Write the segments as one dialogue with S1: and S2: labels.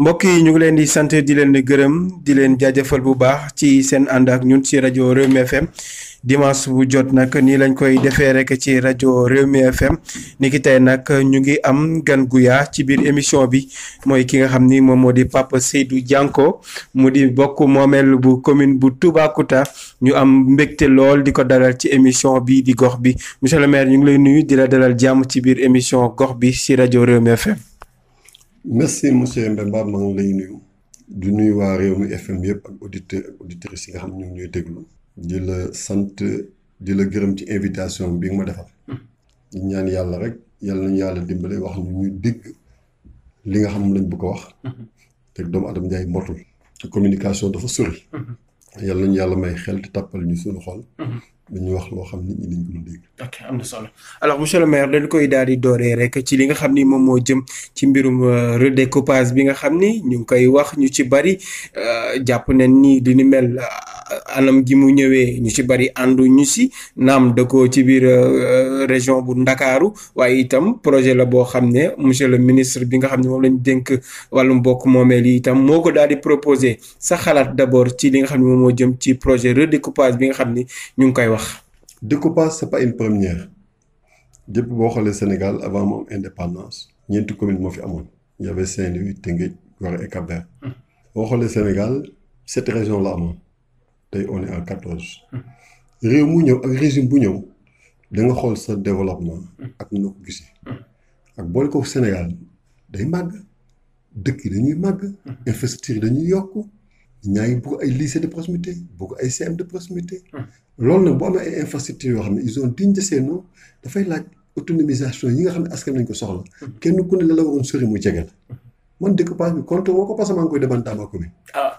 S1: mbokk yi ñu ngi leen di sant di leen gërëm di leen jaajëfal bu baax ci seen ànd ak ñun ci rajo Rewmi FM dimanche bu jot nag nii lañ koy defee rek ci rajo Rewmi FM ni ki tey nag ñu ngi am gan gu ci biir émission bi mooy ki nga xam ni moom moo di Pape Seydou Dianko mu di bokk moomeel bu commune bu Toubacouta ñu am mbégte lool di ko dalal ci émission bi di gox bi monsieur le maire ñu ngi lay nuyu di la dalal jàmm ci biir émission gox bi ci rajo Rewmi
S2: merci monsieur Mbemba maa ngi lay nuyu di nuyu waa Rewmi FM yëpp ak auditeurs ak auditrices yi nga xam ne ñu ngi ñuy déglu di sant di la gërëm ci invitation bi nga ma defal di ñaan yàlla rek yàlla nañu yàlla dimbale wax ñu ñu dégg li nga xam lañ bëgg a wax te doomu Adama Ndiaye mbotul communication dafa sori mm-hmm. yàlla nañu yàlla may xel te ñu suñu xol mm-hmm. lu ñuy wax loo xam nit ñi dañ ko dul dégg.
S1: ok am na solo alors monsieur le maire dañ koy daal di dooree rek ci li nga xam ni moom moo jëm ci mbirum euh, redécoupage bi nga xam ni ñu ngi koy wax ñu ci bari euh, jàpp nañ nii di ni mel. anam gi mu ñëwee ñu ci bari àndu ñu si naam dëkkoo ci biir euh, euh, région bu Ndakaaru waaye itam projet la boo xam ne monsieur le ministre bi nga xam ne moom lañ dénk wàllum bokk moomeel lii itam moo ko daal di proposé sa xalaat d'abord ci li nga xam ne moom moo jëm ci projet redécoupage bi nga xam ni ñu ngi koy wax. découpage c'est pas une première jëpp
S2: boo xoolee Sénégal avant moom indépendance ñeenti commune moo fi amoon y avait Saint-Louis Tëngéej Gorée hmm. boo xoolee Sénégal sept tey on est à réew mu ñëw ak régime bu ñëw da nga xool sa développement. ak noo ko gisee. ak boole ko Sénégal day màgg dëkk yi dañuy màgg. infrastructure yi dañuy yokk. ñaa ngi bëgg ay lycée de proximité bëgg ay CM de proximité. loolu nag boo amee ay infrastructures yoo xam ne ils ont digne de seen nom dafay laaj autonomisation yi nga xam ne askan nañ ko soxla. kenn ku ne la la waroon mu jege la. man découpage bi compte woo ko parce que maa ngi koy demoon Tamba commune. ah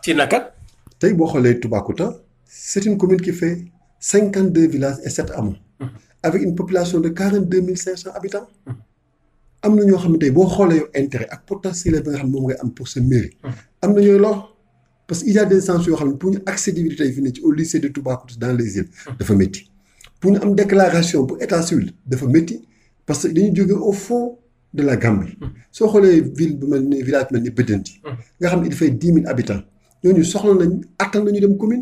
S2: tey boo xoolee Toubacouta c' commune qui fait cinquante deux villages et sept hameaux. Mmh. avec une population de quarante deux mille cinq cent habitants. Mmh. am na ñoo xam ne tey boo xoolee yow intérêt ak potentiel bi nga xam ne moom ngay am pour sa mairie. Mmh. am na ñooy lor parce que il y sens yoo xam ne pour ñu accessibilité fi ne ci au lycée de Toubacouta dans les dafa métti pour ñu am déclaration bu état civil dafa métti parce que dañu jóge au fond de la ñooñu soxla nañ attan nañu dem commune.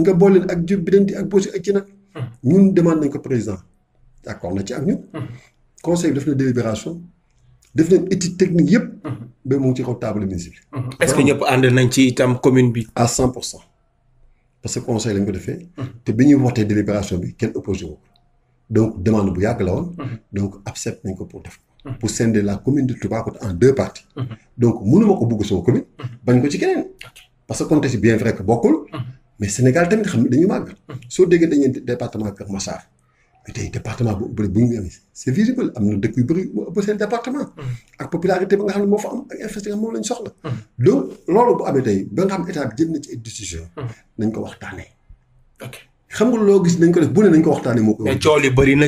S2: nga boole ak jub bi dañ ak bosi ak ci nag. ñun demande nañ ko président d' accord na ci ak ñun. conseil bi def na délibération def nañ étude
S1: ci itam commune bi. à cent pour cent parce
S2: que bi ñuy wootee délibération bi kenn opposé wu donc demande bu yàgg la woon. donc accepte nañ ko pour def ko. pour la commune de Toubacouta en deux parties. donc mënuma ko bugg sama commune. bañ ko ci keneen. parce que contexte bien vrai que bokkul. mais Sénégal tamit xam ne dañu màgg. soo déggee dañuy département Kër Massar. tey département bu bëri bu ñu amee c' est am na dëkk yu bëri yu ëpp seen département. ak popularité ba nga xam ne moo fa am ak investissement nga xam loo gis nañ ko def bu ne nañ ko waxtaanee moo ko. mais
S1: coow li bëri na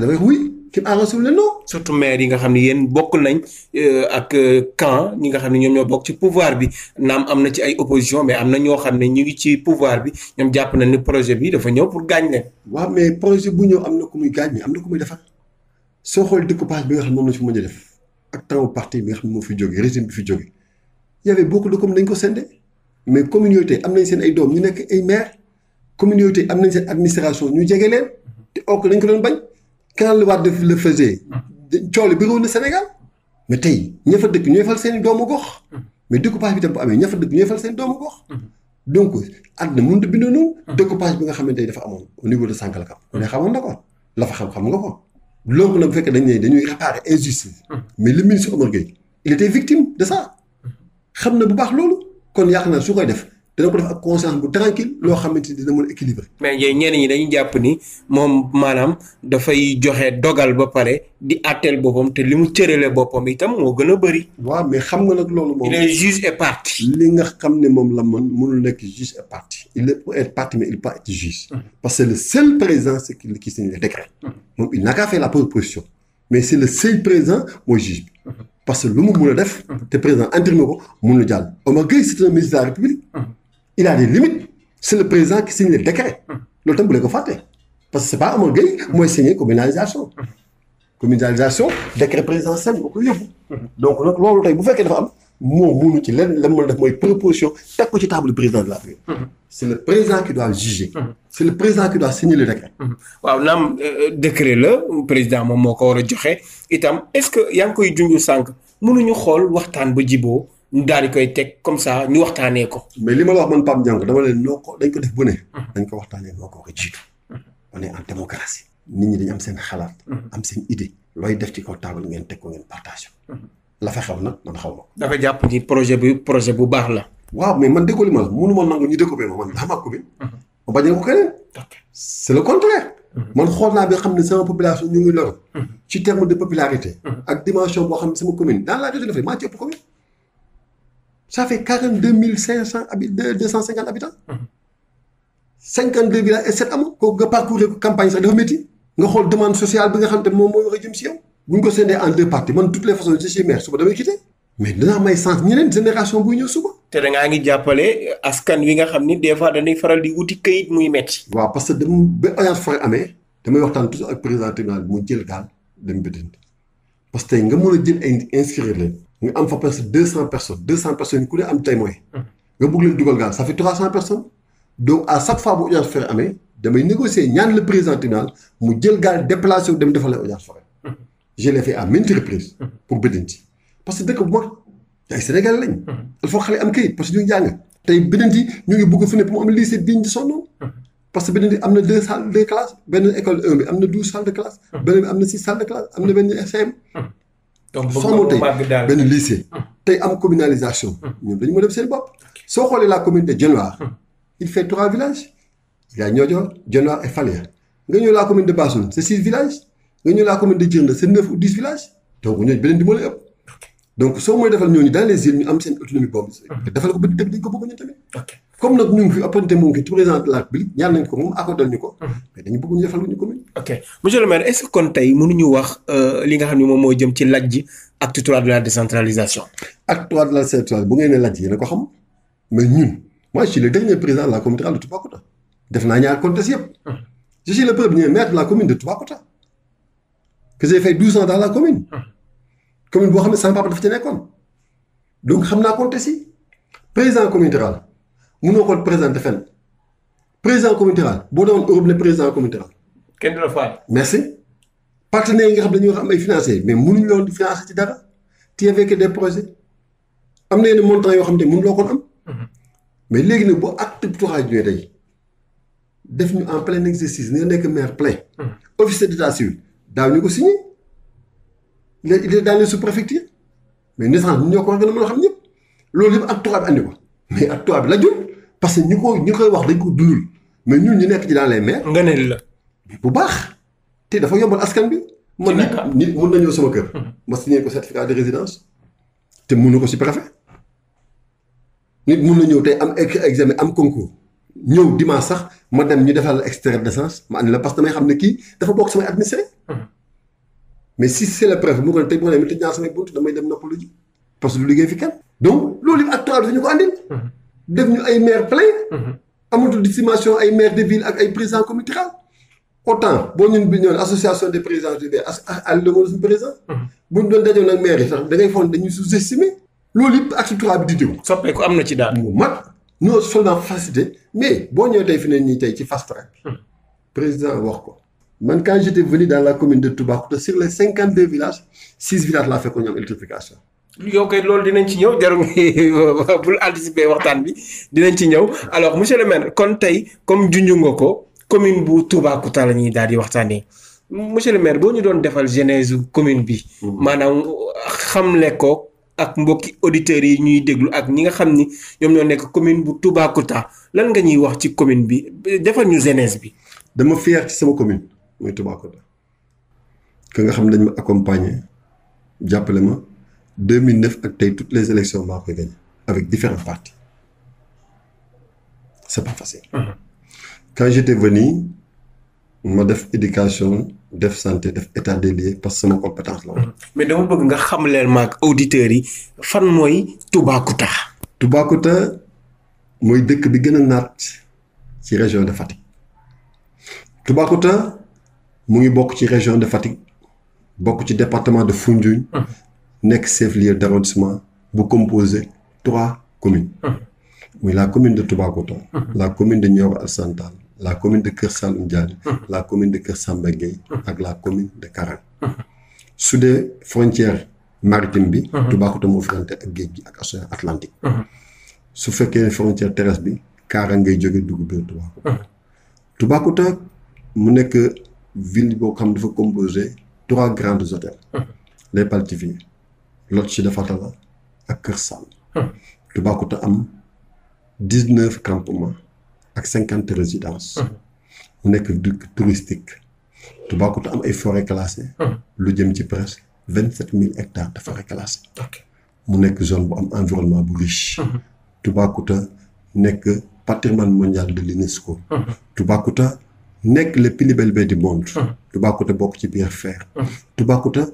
S1: dafay wuy. kenn avancé wu leen non. surtout maire yi nga xam ne yéen bokk nañ euh, ak euh, camp ñi nga xam ne ñoom ñoo bokk ci pouvoir bi naam am na ci ay opposition mais am na ñoo xam ne ñu ngi ci pouvoir bi jàpp nañ ni projet bi dafa ñëw pour gaañ leen.
S2: waaw mais projet bu ñëw am na ku muy gaañ mais am na ku muy defar soo xool découpage bi nga xam ne moom la fi mën a def ak temps parti bi nga fi jógee régime bi fi jógee y avait beaucoup de communes ko sende mais communauté am nañ seen ay doom ñu nekk ay maire communauté am nañ seen administration ñu jege leen te ok lañ ko doon bañ. Quand Wade le faisait coow bi bëriwul na Sénégal mais tey ña fa dëkk ñooy fal seen doomu gox mais découpage bi tam bu amee ña fa dëkk ñooy fal seen doomu gox donc àdduna mënut a bindoonu découpage bi nga xamante ne dafa amoon au niveau de Sangalkam ku ne xamoon na ko la fa xam-xam nga ko loolu nag bu fekkee dañ ne dañuy réparer injustice mais le ministre Omar Gueye il était victime de ça xam na bu baax loolu kon yaakaar naa su koy def dina ko def ak conscience bu tranquille loo
S1: xamante ni dina mën a équilibré. mais ñenn ñi dañuy jàpp ni moom maanaam dafay joxe dogal ba pare di àtteel boppam te li mu cërale boppam itam moo gën a bëri. waaw mais xam nga nag loolu moom. il et partie.
S2: li nga xam ne moom la mën mënul nekk juge et partie. il peut être partie parce que le seul présent c'est qui qui signe le décret. moom il n'a qu'à faire la proposition. mais c'est le seul présent mooy juge bi. parce que lu mu mun a def. te président entériné ko mën jàll. Omar Gueye c'est un ministre de la République. il a des limites c'est le président qui signe les décrets hmm. loolu tam bu leen ko parce que c'est pas Amar Gueye hmm. mooy signer communalisation hmm. communalisation décret présidentiel boo ko yóbbu donc nag loolu tey bu fekkee dafa am moom munu ci lenn lan mën a def mooy proposition teg ko ci table président de la République le président qui doit c'est le président qui doit signer le décret
S1: waaw naam euh, euh, décret la président moom moo ko war a joxe itam est-ce que yaa ngi koy junj sànq mënuñu xool waxtaan ba jiboo ñu daal di koy teg comme ça ñu waxtaanee ko. mais li ma la wax man Pape Ndiango dama leen noo ko dañ ko def
S2: bu ne. dañ ko waxtaanee noo ko ko jiitu. on est en ñi am seen xalaat.
S1: am seen idée. looy def ci kaw taabal ngeen teg ko ngeen partage la fa xew nag man xaw ma. dafa jàpp ni projet bi projet bu baax la. waaw
S2: mais man découpé ma la mënu ma nangu ñu découpé ma man daa maa ko bi. ma bañ ko keneen. c'est le contraire. man xool naa bi xam ne sama population ñu ngi loru. ci terme de popularité. ak dimension boo xam ne sama commune dans de Fatick maa ça fait quarante deux mille cinq cent habi deux cent cinquante habitants cinquante deux villages et sept hameaux ko nga parcourir campagne sax dafa métti nga xool demande sociale bi nga xam te moom mooy war a jëm si yow bu ñu ko séenee en deux parties man toutes les façons je suis maire suba damay quitté mais dinaa may sens ñeneen génération buy ñëw suba
S1: te da ngaa ngi jàppale askan wi nga xam ni des fois dañuy faral di wuti këyit muy metti
S2: waaw parce que dama ba Oyaas Foire amee damay waxtaan toujours ak président tribunal bi mu jël gaal dem Bédénd parce que tey nga mën a jël ay inscrire leen nga am fa presque deux cent personnes deux cent personnes yi ku ne am témoin hmm. nga bëgg leen dugal gaal ça fait trois cent personnes donc à chaque fois bu audience forêt amee damay négocier ñaan le président tribunal mu jël gaal déplacé dem defal la audience forêt hmm. je l'ai fait à maintes hmm. pour Bédénti parce que dëkk bu mag ay Sénégal lañ il faut xale am kayit parce que ñu jàng tey Bédénti ñu ngi bëgg fu ne pour mu am lycée digne de son parce na donc forme tey benn lycée tey am communalisation hmm. Hmm. ñoom dañu mën a def seen bopp soo xoolee la commune de Dionewar hmm. il fait trois villages il y a Niodior Dionewar et Faléa nga ñëw la commune de Bassoul c'est six villages nga ñëw la commune de Djirnda c'est neuf ou dix villages donc ñooñu beneen di soo mooy defal ñooñu dans les îles ñu am seen autonomie boobu defal ko ba dëgg ko bëgg ñu tamit comme nag ñu ngi fi apporté moom ki ci président
S1: de la République ñaan nañ ko moom accordal ñu ko. Mhm. mais dañu bëgg ñu defal ñu commune. ok monsieur le maire est-ce que kon tey mënuñu wax euh, li nga xam ne moom moo jëm ci laaj ji acte trois de la décentralisation. acte trois de la décentralisation bu ngeen ne
S2: laaj yéen ko xam mais ñun moi je suis le dernier président de la commune de Toubacouta def naa ñaar comtes yëpp. Mhm. je suis le premier maire de la commune de Toubacouta que j'ai fait douze ans dans la commune. Mhm. commune boo xam ne sama papa dafa ci nekkoon donc xam naa comtes yi président communauté rurale. mënoo ko présenté fenn président communauté rurale boo doon Europe ne président communauté rurale. kenn du la faay. merci partenaires yi nga xam dañoo am ay financiers mais mënuñ loolu di financer ci dara tu avais que des am na yenn montant yoo xam ne mënuloo ko am. Mhm. mais léegi nag bu acte bu tuxaay ñëwee def ñu en plein exercice nga nekk maire plein. Mhm. officier d'état civil daaw ñu ko signé. il est dans les sous-préfectures mais naissance ñun xam ñëpp loolu yëpp acte tuxaay bi mais ak tubaab bi la jul parce que ñu ko ñu koy wax dañ ko dundul mais ñun ñu nekk ci dans les mers. nga ne la. bu baax te dafa yombal askan bi. man nit nit mun na ñëw sama kër. Mhm. ma signé ko certificat de résidence. te mun na ko si préfet. nit mun na ñëw tey am examen am concours. ñëw dimanche sax ñu defal la extrait de naissance ma andi la parce que damay xam ne kii dafa bokk samay administré. Mhm. bunt damay dem noppalu ji. parce que du liggéey fi kenn. donc loolu it ak tubaab bi dañu ko mhm. ay maire plein. Mhm. amatul ay maire de ville ak ay président comité rural. autant boo ñun association des présidents d' mhm. doon dajoon ak maire yi sax da ngay foog dañuy sous-estimer. loolu it ak tubaab bi di déglu. am na ci daal. mu mag non seulement facilité mais boo ñëwee tey fi ne nii tey ci fast track. président wax ko. man quand j' étais venu dans la commune de Toubacouta sur les cinquante deux villages six villages laa fekkoon ñu électrification.
S1: yow kay loolu dinañ ci ñëw jarul bul anticiper waxtaan bi dinañ ci ñëw alors monsieur le maire kon tey comme junj nga ko commune bu Toubacouta la ñuy daal di waxtaanee monsieur le maire boo ñu doon defal genèse commune bi. Mhm. maanaam xamle ko ak mbokki auditeurs yi ñuy déglu ak ñi nga xam ni ñoom ñoo nekk commune bu Toubacouta lan nga ñuy wax ci commune bi defal ñu genèse bi. dama fier ci sama commune muy Toubacouta.
S2: ki nga xam ne ma accompagner jàppale ma. 2009 ak tey toutes les élections maa koy gagné avec différents partis c'est pas facile. quand j'étais ma def éducation def santé def état des lieux parce que sama compétence la woon.
S1: mais dama bëgg nga xam leen maag auditeurs yi fan mooy Toubacouta. Toubacouta mooy dëkk bi gën a naat ci
S2: région de Fatick Toubacouta mu ngi bokk ci région de Fatick bokk ci département de Foundiougne. nekk chef-lieu d'arrondissement bu composé trois communes muy la commune de Toubacouta la commune de Nioro Alassane la commune de Kër Saloum Diané la commune de Kër Samba Gueye ak la commune de Karang su dee frontière maritime bi Toubacouta moo fronté ak géej gi ak océan Atlantique su fekkee frontière terrestre bi Karang ngay jóge dugub biir Toubacouta Toubacouta mu nekk ville boo xam dafa composé trois grands hôtels les paltiviers lot ci Dafatala ak Kër Sall. Toubacouta am dix neuf campements ak cinquante résidences. mu nekk dëkk touristique. Toubacouta am ay forêt classée. lu jëm ci presque vingt sept mille ectare de forêt classée. mu nekk zone bu am environnement bu riche. Toubacouta nekk patrimoine mondial de l'UNESCO. Toubacouta nekk le plus bel pays du monde. Toubacouta bokk ci biir fer. Toubacouta.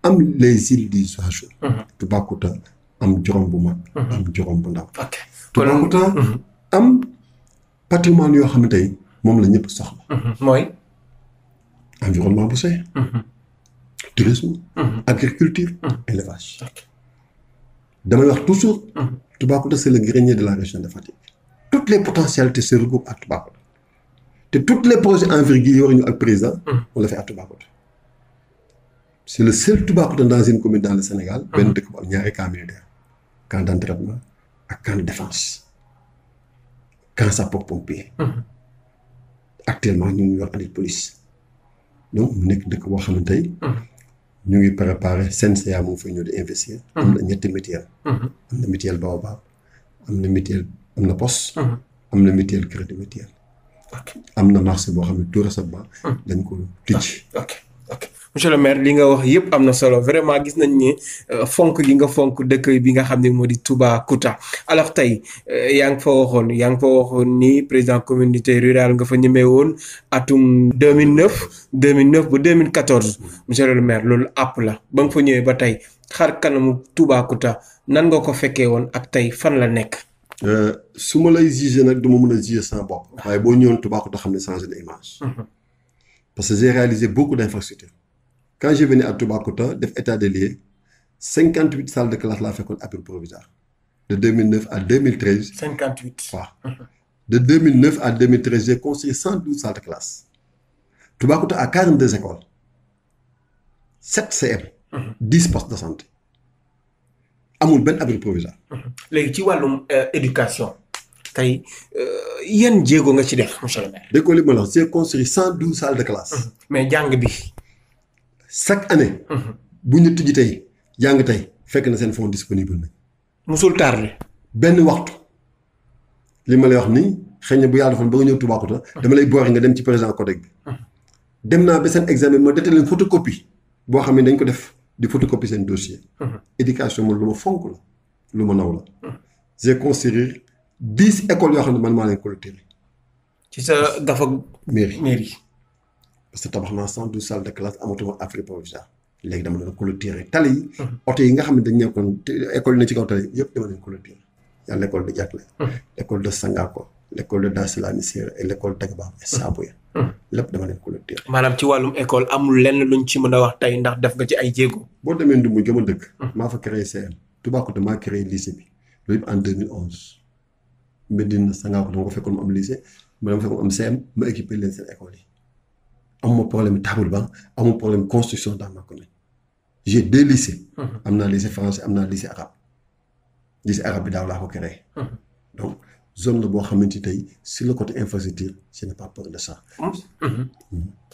S2: am les îles des oiseaux. Mhm. Toubacouta am juróom bu
S1: mag. am juróom bu ndaw.
S2: ok Toubacouta mhm. am patrimoine yoo xam ne tey moom la ñëpp soxla.
S1: Mhm. mooy.
S2: environnement bu sey. tourisme. agriculture. élevage. damay wax toujours. Toubacouta c'est le grenier de la région de Fatick. toutes les potentialités se regroupent à Toubacouta te tous les projets envergure yi war ñu ak président. on l'a fait à Toubacouta. c'est le seul Toubacouta dans une commune dans le Sénégal. benn mhm. dëkk bu am ñaari camp militaire. camp d'entraînement mhm. actuellement ñu ngi yor andit police. donc mu nekk dëkk boo xam xamante ni. Mhm. ñu ngi préparé CNCA moom fa ñëw di investir. am na ñetti mutuelle. am na mutuelle Baobab. am na mutuelle am na poste. am na mutuelle crédit mutuel. am na marché boo xam ne tout récemment. dañ ko tijji. Ah,
S1: monsieur le maire li nga wax yëpp am na solo vraiment gis nañ ni euh, fonk gi nga fonk dëkk bi nga xam ne moo di Toubacouta alors tey euh, yaa ngi fa waxoon yaa ngi fa waxoon ni président communauté rurale nga fa ñemee woon atum 2009 2009 ba 2014 monsieur le maire loolu àpp la ba nga fa ñëwee ba tey xar kanamu Toubacouta nan nga ko fekkee woon ak tey fan la nekk.
S2: Euh, su ma lay jugé nag du ma mën a jugé sama bopp. Ah. waaye boo ñëwoon Toubacouta xam ne changé na image. Mhm. parce que j'ai réalisé beaucoup d'infrastructures. quand je venais à Toubacouta def état des lieux cinquante huit salles de classe laa fekkoon abri provisoire de 2009 à 2013. 58 waaw. de 2009 à 2013 j'ai construit 112 salles de classe ak a 42 écoles 7 CM. 10 postes de santé amul benn abri provisoire.
S1: Mhm. léegi ci wàllum euh, éducation tey euh, yan jéego nga ci def monsieur le maire. déggoo li ma la wax salles de classe. Mhm. mais jàng bi.
S2: chaque année. Mhm. bu ñu tijji tey jàng tey fekk na seen fonds disponible na. musul tardé. benn waxtu li ma lay wax nii xëy na bu yàlla defoon ba nga ñëw Toubacouta. dama lay boori nga dem ci président CODEC bi. Mhm. dem naa ba seen examen ma dete leen photocopie boo xam ne dañ ko def di photocopie seen dossier. Mhm. éducation moom lu ma fonk la lu ma naw la. j'ai construit dix écoles yoo xam ne man maa leen collecté. ci sa gafa mairie mairie. parce que tabax naa cent douze salles de classe amatuma abri provisoire léegi dama doon clôturer tali yi. Mhm. oto yi nga xam ne dañ nekkoon école yi ne ci kaw tali yëpp dama leen clôturer. yàlla l'école de Diaklé. de mhm. Sangako. l'école de Dassilani Séré et l'école Dagba et mhm. Saboya. lépp dama leen clôturer.
S1: maanaam ci wàllum école amul lenn luñ ci mën a ndax def nga ci ay jéego.
S2: boo demee Ndumbu gëm a dëkk. maa fa créé CM. Toubacouta maa créé lycée bi loolu en 2011 Medina Sangako dama ko fekkoon mu am lycée ma leen seen école yi. amuma problème table banc amuma problème construction dans ma commune j'ai deux mhm. am na lycée français am na lycée arabe lycée arabe bi daaw laa ko créé. Mhm. donc zone la boo xamante ni tey sur le côté infrastructure
S1: je de ça. Mhm.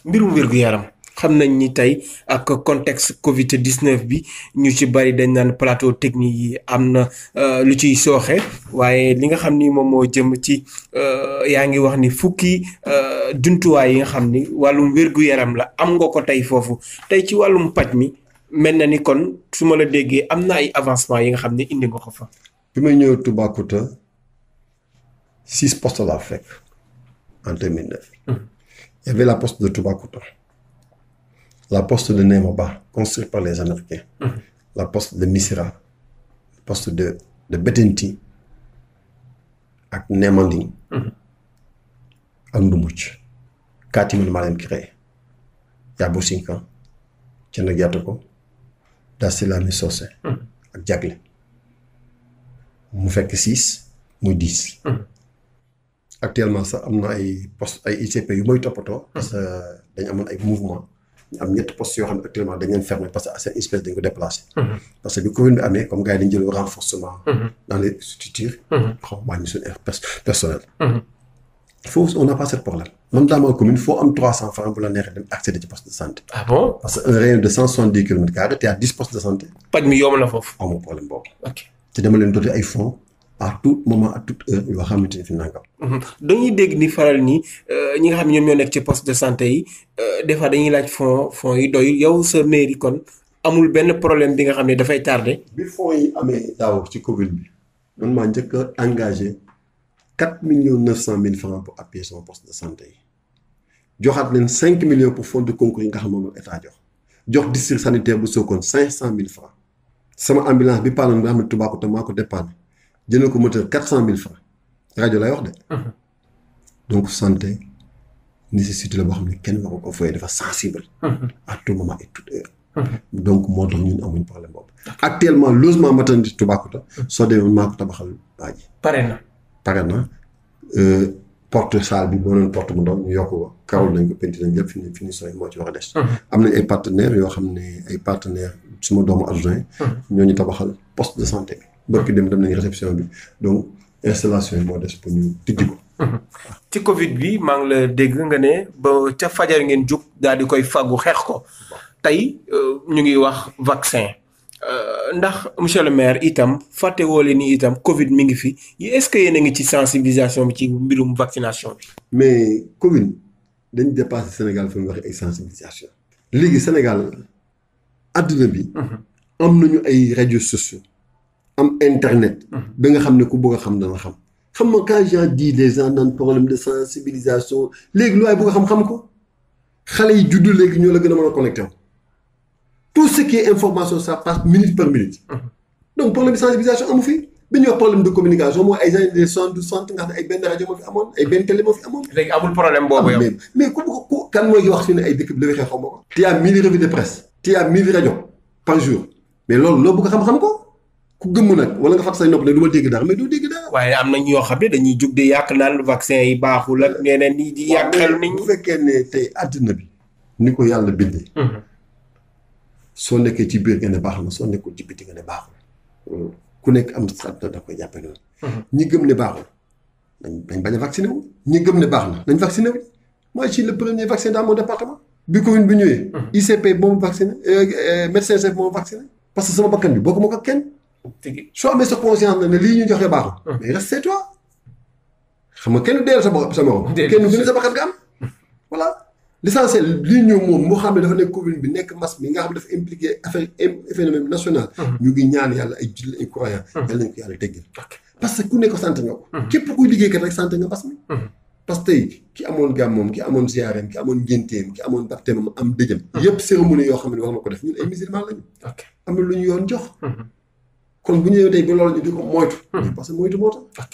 S1: mbirum wér-gu-yaram. xam nañ ni tey ak contexte Covid 19 bi ñu ci bari dañ naan plateau technique yi am na euh, lu ciy sooxe waaye li nga xam ni moom moo jëm ci euh, yaa ngi wax ni fukki. Euh, jumtuwaay yi nga xam ni wàllum wér-gu-yaram la am nga ko tey foofu tey ci wàllum paj mi mel na ni kon su ma la déggee am na ay avancement yi nga xam ne indi nga ko fa.
S2: bi may ñëw Toubacouta six post laa fekk en 2009. Hmm. y avait la poste de Toubacouta la poste de Némaba construite par les Américains. Hmm. la poste de Missira la poste de de Bettenty ak Némanding. Hmm. ak ndumuc kaatiman maa leen créé yàbbu sinkan cen ak yàtt ko daa silaami soose hmm. ak jagle mu fekk six muy dix hmm. actuellement sax am na ay poste ay ICP yu may toppatoo hmm. parce que dañ amoon ay mouvement ñu am ñetti postes yoo xam ne actuellement dañ leen fermé parce que seen espèce dañ ko déplacé parce que bi Covid bi amee comme gars yi dañ jël renforcement dans les structures xaw wàññi suñu personnel foofu on n'a pas ce problème même dans ma commune foo am 300 francs bu la neexee dem accéder ci poste de santé. ah bon parce que un rayon de 170 kilomètres carrés te à 10 postes de santé.
S1: paj mi yomb na foofu. amoo problème boobu. ok
S2: te dama leen ay fonds à tout moment à toute heure ni fi nangam.
S1: Mhm. dañuy euh, ñi nga xam ne ñoom ñoo nekk ci poste de euh, fois dañuy laaj fonds fonds yi yow sa mairie kon amul benn problème bi nga xam ne dafay tardé. bi
S2: fonds yi amee daaw ci commune bi man maa njëkk a engagé. 4 millions 900 mille francs pour appuyer sama poste de santé yi joxaat leen 5 millions pour fonds de concours yi nga xam moom état jox jox district sanitaire bu Sokone 500 mille francs sama ambulance bi paanoon nga xam ne Toubacouta maa ko dépanné jëndal ko moteur 400 mille francs rajo lay wax de. donc santé nécessité la boo xam ne kenn waru ko foyee dafa sensible. à tout moment et toute heure. donc moo tax ñun amuñ problème boobu. actuellement logement soo demee maa ko tabaxal waa pare na euh, porte salle bi boo doon porte bu ndaw ñu yokk ko kawal nañ ko penti nañ lépp fini finition yi moo ci war a des mhm. am nañ ay partenaires yoo xam ne ay partenaire suma doomu adjoint mhm. ñoo ñu tabaxal poste de santé bi bërki dem dem nañ réception bi donc installation yi moo des pour ñu tijji ko
S1: mhm. ci covid bi maa ngi la dégg nga ne ba ca fajar ngeen jóg daal di koy faggu xeex ko tey euh, ñu ngi wax vaccin Euh, ndax monsieur le maire itam fàtte woo leen itam Covid mi ngi fi est-ce que yéen a ngi ci sensibilisation bi ci mbirum vaccination bi. mais
S2: Covid dañ dépassé Sénégal fi mu waxee ay sensibilisation. léegi Sénégal àdduna bi. Mhm. am nañu ay rajo sociaux. am internet. Mhm. ba nga xam ne ku bëgg xam dana xam. xam nga quand j'ai dit des gens naan problème de sensibilisation léegi lu waay bëgg a xam xam ko xale yi juddu léegi ñoo la gën a mën a connecté tout ce qui est information ça passe minute par minute. Mhm. donc problème de sensibilisation amu fi. bi ñuy wax problème de communication mooy ay gens de soixante du soixante nga xam ne ay benn rajo moo fi amoon ay benn télé fi amoon.
S1: léegi am na ñoo xam ne dañuy jug di yàq naan vaccin yi baaxul ak ñeneen ñi di yàq xel nit ñi fekkee ne tey
S2: àddina bi. ni ko yàlla bindee. Mhm. soo nekkee ci biir nga ne baax na soo nekkul ci biti nga ne baaxul ku nekk am na da koy jàppe noonu mhm. ñi gëm ne baaxul dañ bañ a vacciné wu ñi gëm ne baax na nañ vacciné wu moi je suis le premier vacciné dans mon département bi Covid bi ñëwee mhm. ICP moom vacciné euh, euh, médecin chef moom vacciné parce que sama bakkan bi bokkuma ko kenn soo amee sa conscience na lii ñu joxe baaxul mhm. mais reste toi xam nga kenn du deel sa bopp sa morom kenn gën sa bakkan nga am voilà l'essentiel lii ñëw moom moo xam ne dafa nekk commune bi nekk mas mi nga xam ne dafa impliqué affaire phénomène national mhm. ñu ngi ñaan yàlla ay jullit ay croyants mhm. yàlla ko yàlla que ku ne ko sant nga ko mhm. képp kuy liggéeykat rek sant nga mbas mi parce que tey ki amoon gàmmoom def
S1: ñun ay musulman lañu
S2: am na lu ñu yoon jox kon bu ñu ñëwee tey ba loolu ñu di ko moytu
S1: parce que moytu moo tax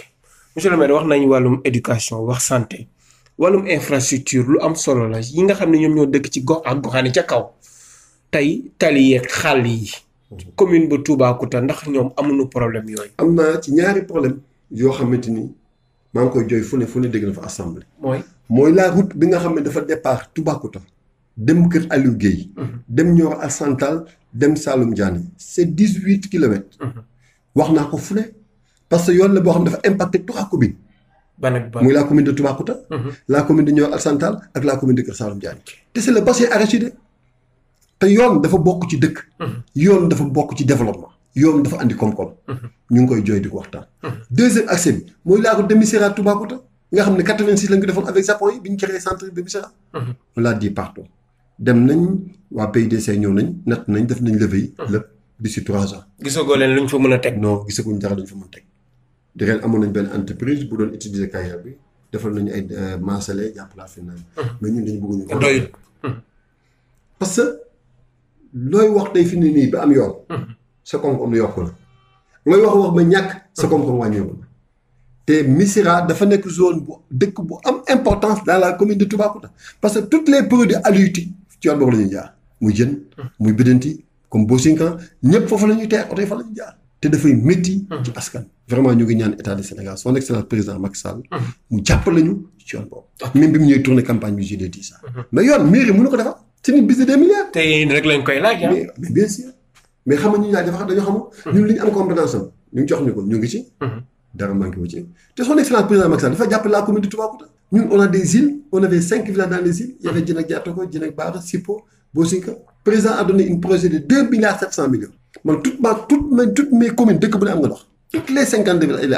S1: monsieur le maire wax nañu wàllum éducation wax santé wàllum infrastructure lu am solo la yi nga xam ne ñoom ñoo dëkk ci gox ak goxaane ca kaw tey tali yeeg xàll yi. commune ba Toubacouta ndax ñoom amuñu problème yooyu. am naa
S2: ci ñaari problème yoo xamante ni maa ngi koy jooy fu ne fu ne dégg na mooy mooy la route bi nga xam ne dafa départ Toubacouta dem kër Aliou Guèye. Mhm. dem Nioro ak Santal dem Saloum Diané. c'est dix huit kilomètres. Mhm. wax naa ko fu ne parce que yoon la boo xam ne dafa impacté trois communes.
S1: muy la commune de Toubacouta. Mhm.
S2: la commune de Nioro Alassane Tall ak la commune de Kër Saalum Diané. te c'est le bassin arachidier te yoon dafa bokk ci dëkk. Mhm. yoon dafa bokk ci développement. yoon dafa andi koom-koom. Mhm. ñu ngi koy jooy di ko waxtaan. deuxième accès bi mooy la route de Missirah Toubacouta nga xam ne 86 lañ ko defoon avec Japon yi bi ñu créé centre de Missirah. on l'a dem nañ waa PDC ñëw nañ natt nañ def nañ levée yi. lépp di ren amoon nañ benn entreprise bu doon utiliser carrière bi defal nañu ay euh, maasale jàppalaa fi naan mais ñun dañu bëgg ñu ko doyul parce que looy wax day fi ne nii ba am yoon sa koom-koom yokku na looy wax wax ba ñàkk sa koom-koom wàññeeku na te Missirah dafa nekk zone bu dëkk bu am importance dans la commune de Toubacouta parce que tous les produits halieutiques ci yoon boobu la ñuy jaar muy jën muy biddanti comme Bosinkan ñëpp foofu la ñuy teer oto yi fa la ñuy jaar te dafay métti. ci askan vraiment ñu ngi ñaan état du Sénégal son excellence président Macky Sall. mu jàppale ñu ci yoon boobu. même bi mu ñuy tourné campagne bi j'ai dit ça. mais yoon de ah. mais bien mais xam ñu laaj am compétence ñu ngi jox ñu ko ñu ngi ci. dara manqué wu ci te son excellence président Macky Sall dafa jàppale la commune de Toubacouta. ñun on a des îles on avait cinq villages dans les îles. y avait Djinak Diatoko Djinak Baara Sippo Bosinka président a donné un projet man toute ma toute ma toutes mes communes dëkk bu ne am nga ndox toutes les
S1: cinquante villes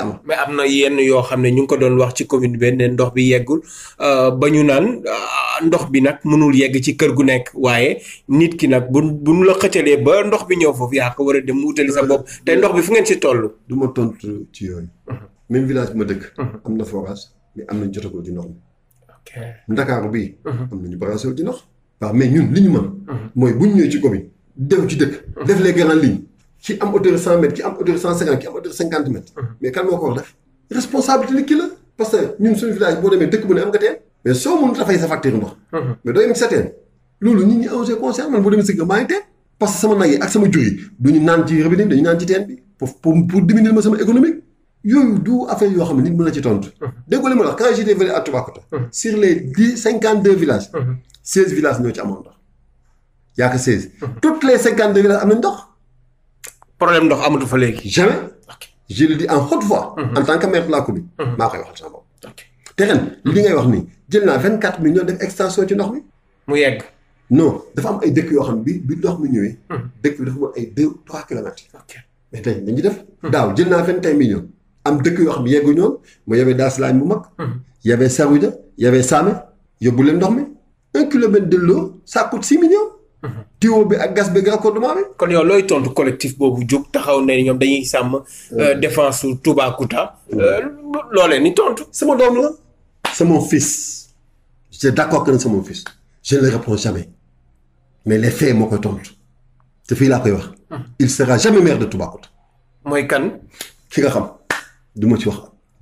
S1: na yenn yoo xam ne ñu ngi ko doon wax ci commune bi ne ndox bi yeggul euh, ba ñu naan ah, ndox bi nag mënul yegg ci kër gu nekk waaye nit ki nag bu bu la xëccalee ba ndox bi ñëw foofu yaa ko war a dem wutali sa bopp te ndox bi fu ngeen si toll.
S2: du ma tontu ci yooyu. Mhm. même village bi ma dëkk. Mhm. am na forage mais am nañ jotagoo ci ndox mi. Ndakaaru bii. Mhm. am nañu branché wu ci ndox. waaw mais ñun li ñu mën. mooy bu ñu ñëwee ci commune. dem ci dëkk. def les grandes lignes ci am hauteur cent mètres ci am hauteur cent cinquante ci am hauteur cinquante mètres. Uh-huh. mais kan moo ko war def responsabilité nit ki la. parce que ñun suñu village boo demee dëkk bu ne am nga teen. mais soo mënut a fay sa facture ndox. Uh-huh. mais doo yem ci sa teen. loolu nit ñi engrais concerne man boo demee sëgg maa ngi teen. parce que sama nag yi ak sama jur yi duñu naan ci robinet dañu naan ci teen bi pour pour diminuer ma sama économique. yooyu du affaire yoo xam ne nit mën na ci tontu. Uh-huh. dégg nga li ma la wax quand j'étais venu à Toubacouta. sur les dix cinquante deux villages. seize villages ñoo ci amoon ndox. y a que 16. Mhm. toutes les 52 villages am nañ ndox. problème ndox amatu fa léegi. jamais je le dis en haute voix. Mhm. en tant que maire de la commune. Mhm. maa koy waxal sama bopp. te ren ngay wax nii jël naa 24 millions def extension ci ndox mi. mu yegg. non dafa am ay dëkk yoo xam ne bi bi ndox mi ñëwee. dëkk bi dafa mën ay 2 3 kilomètres. tey dañuy def. daaw jël naa 21 millions. am dëkk yoo xam ne yeggu ñoon mu yebee Daasilaañ bu mag. yebee Sarouja yebee Saame
S1: yóbbu leen ndox mi. un kilomètre de l'eau ça coûte 6 tiwo bi ak gas bi raccordement bi. kon yow looy tontu collectif boobu jóg taxaw ne ñoom dañuy sàmm. Euh, défense su Toubacouta. Euh, loolee ni tontu. sama doom la. c'est mon fils.
S2: j' ai d' accord que c'est mon fils. je ne le jamais. mais les faits moo koy tontu. te fii laa koy wax. il sera jamais maire de Toubacouta. mooy kan. ki nga xam du ma ci wax.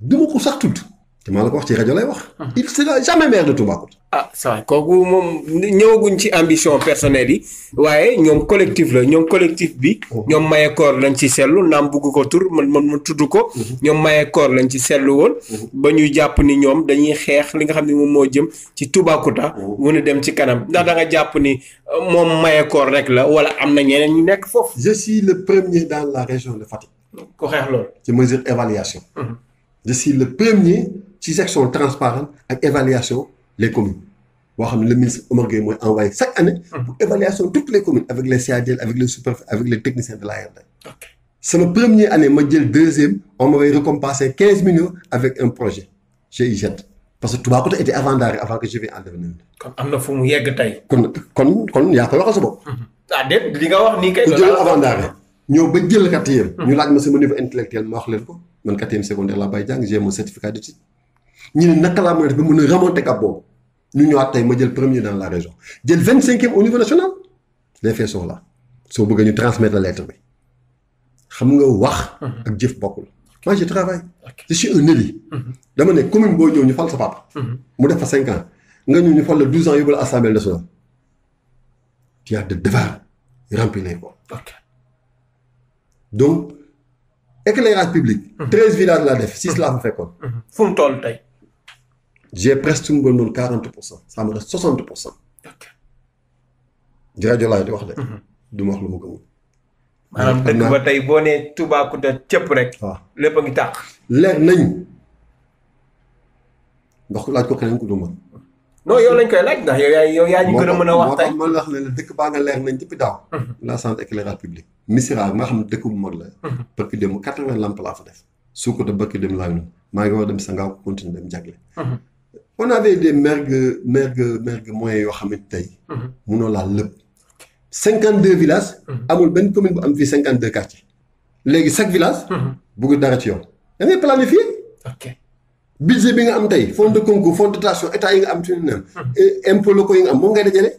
S2: du ma ko sax tudd.
S1: te maa la ko wax ci rajo lay wax. il sera jamais maire de Toubacouta. ah ça kooku moom ñëwaguñ ci ambition personnelle yi waaye ñoom collectif la ñoom collectif bi. Mhm. ñoom Mayakor lañ ci seetlu naam bugg ko tur man man ma tudd ko. Mhm. ñoom Mayakor lañ ci seetlu woon. Mhm. ba ñuy jàpp ni ñoom dañuy xeex li nga xam ne moom moo jëm ci Toubacouta. mën a dem ci kanam ndax da jàpp ni euh, moom Mayakor rek la wala am na ñeneen ñu nekk
S2: foofu. je le premier dans la région de Fatick. ku xeex loolu. ci mesure évaluation. je le premier les communes boo xam ne le ministre Omar Gueye mooy envoyé chaque année. Mm. pour évaluation toutes les communes avec les CADL avec les sous-préfets avec les techniciens de l'ARD. sama première année ma jël deuxième on m'avait récompensé quinze millions avec un projet GIZ parce que Toubacouta était avant-garde avant que je en devenir.
S1: kon am na fu mu yegg tey.
S2: kon kon kon yaa koy waxal sa bopp.
S1: Mm-hmm. ah déet li nga wax nii kay. jël avant
S2: mm-hmm. laaj ma sama niveau intellectuel ma ñu ne naka laa mën a def ba mën a remonter cap boobu ñu ñëwaat tey ma jël premier dans la région jël vingt cinquième au niveau national les faits sont là soo bëggee ñu transmettre la lettre bi xam nga wax. Mhm. ak jëf bokkul. moi je travaille. je mhm. dama ne commune ñëw ñu fal sa mhm. mu def fa cinq nga ñëw ñu fal la douze ans yóbbu la assemblée nationale. tu as de devoir remplir nañ ko. ok donc éclairage public. treize villages laa def six laa fa fekkoon. fu mu toll tey. j'ai presque suñu bon noonu quarante pour cent ça me reste soixante pour cent jërëjëf laay di wax de mhm. du ma wax lu ma gëmul
S1: maanaam dëkk ba tey boo nee Toubacouta cëpp rek waaw lépp a ngi tàq
S2: nañ ndax ku laaj ko du man
S1: non yow lañ koy laaj ndax yow a mën a wax tey moo tax man wax ne la mhm.
S2: la santé éclairage public Missirah mhm. dem quatre-vingts lampes maa ngi war dem Sangaw continuer dem jagle on avait des mergues mergues yoo moyens yoo xamante tey. Mhm. munoo laal lépp. cinquante deux villages. Mhm. amul benn commune bu am fii cinquante deux quartiers. léegi chaque village. Mhm. bugg dara ci yow. da ngay planifié. bi nga am tey fonds de concours fonds de dotation état yi nga am suñu naan. impôts locaux yi nga am moom ngay dajale.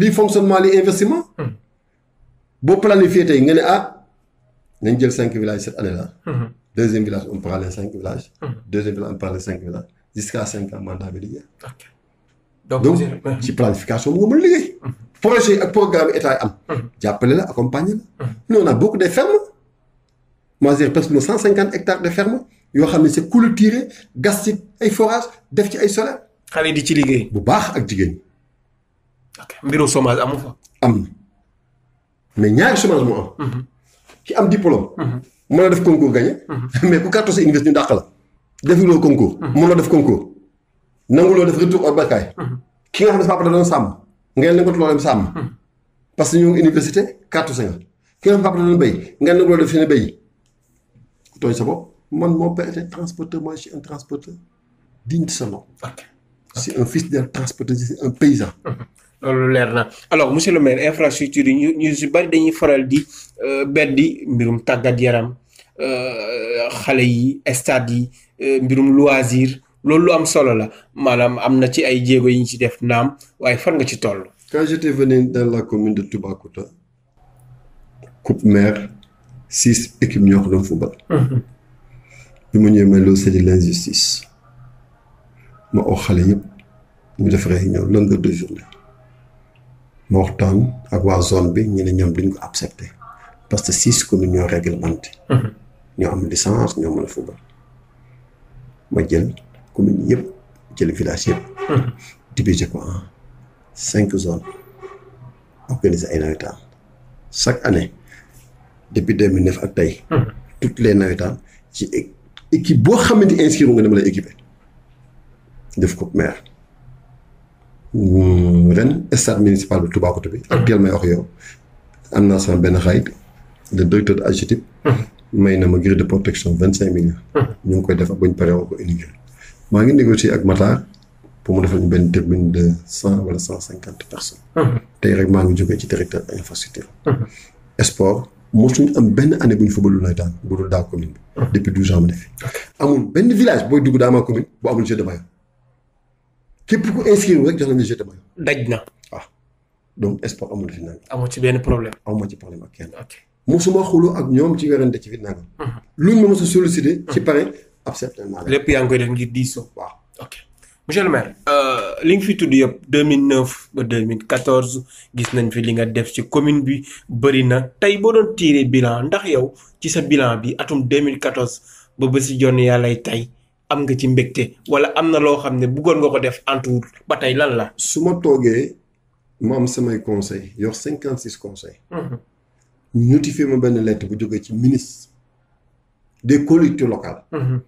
S2: lii fonctionnement lii investissement. boo planifié tey nga ne ah nañ jël cinq villages cette année là. deuxième village on prend les cinq village jusqu'à cinq ans mandat bi di jeex. donc ci planification boobu mën liggéey. Mhm. projet ak programme état am. Mhm. jàppale la accompagner la. Mhm. nous on a beaucoup de fermes. moi j'ai cent cinquante hectares de ferme yoo xam ne c'est clôturé gas ci ay forages def ci ay solaires. xale di ci liggéey. bu baax ak jigéen ñi.
S1: ok mbiru chômage
S2: mais ñaari chômage moo am. ki am diplôme. mën a def concours gagné. mais bu carte sa université ñu dàq la. defuloo concours. Mhm. mënuloo def concours. nanguloo def retour au bercail. Mhm. ki nga xam ne sa papa da doon sàmm. ngeen nangu loo dem sàmm. Mhm. parce que ñu ngi université kàttu sa nga ki nga xam ne papa da doon béy ngeen nangu loo def fi ne béy tooñ sa bopp
S1: man mon père était transporteur moi transporteur
S2: digne de paysan.
S1: loolu leer na alors monsieur le maire infrastructure yi ñu ñu si bari dañuy faral di euh, beddi mbirum tàggat yaram euh, xale yi stade yi. Eh, mbirum loisir loolu lu am solo la maanaam am na ci ay jéego yi ñu ci def naam waaye fan nga ci toll. quand j'étais commune de Toubacouta
S2: coupe maire six équipes ñoo ko football. Mhm. bi mu ñëwee may loolu c'est de l'injustice ma oo xale yëpp ñu def réunion longueur de journée ma waxtaan ak waa zone bi ñu ne ñoom duñ ko accepté parce que six communes ñoo réglementé. Mhm. ñoo am licence ñoo mën a football. ma jël commune yëpp jël village yëpp. diviser ko en cinq zones organiser ay nawetaan chaque année depuis deux mille ak tey. Hmm. toutes les nawetaan ci équipe boo xamante inscrire nga dama lay def ko maire. Hmm, ren stade municipal bi Toubacouta bi. Hmm. actuellement may wax yow am naa sama benn xarit le directeur adjoint. may na ma grille de protection vingt cinq millions. Hmm. ñu ngi koy def ba ñu paree woon ko inauguré. maa ngi négocier ak Matar pour mu defal benn tribune de cent wala cent cinquante personnes. Hmm. tey rek maa ngi jógee ci directeur infrastructure. Hmm. sport mosuñu am benn année bu ñu fa ba lu lay daan bu dul daaw commune bi. depuis douze ans mu ne amul benn village booy dugg daa ma commune bu amul jeu de maillot. képp ku inscrire rek jox nañu jeu de maillot. daj na waaw donc sport amul fi naan.
S1: amoo ci benn problème.
S2: amoo ci problème ak kenn. musuma xuloo ak ñoom ci werante ci fitna ko mhm. luñ ma mos a sollicité. Mhm. ci pare ab certainement. lépp
S1: yaa ngi koy def ngir diisoo. waaw ok monsieur le maire. Euh, li nga fi tudd yëpp 2009 ba 2014 gis nañ fi li nga def ci commune bi bëri na tey boo doon tiiree bilan ndax yow ci sa bilan bi atum 2014 ba ba si yàlla yàllay tey am nga ci mbégte wala am na loo xam ne buggoon nga ko def entour ba tey lan la.
S2: su ma toogee ma am samay conseil yor 56 conseils. Mhm. notifié ma benn lettre bu jógee ci ministre de collectivités locales. Mhm.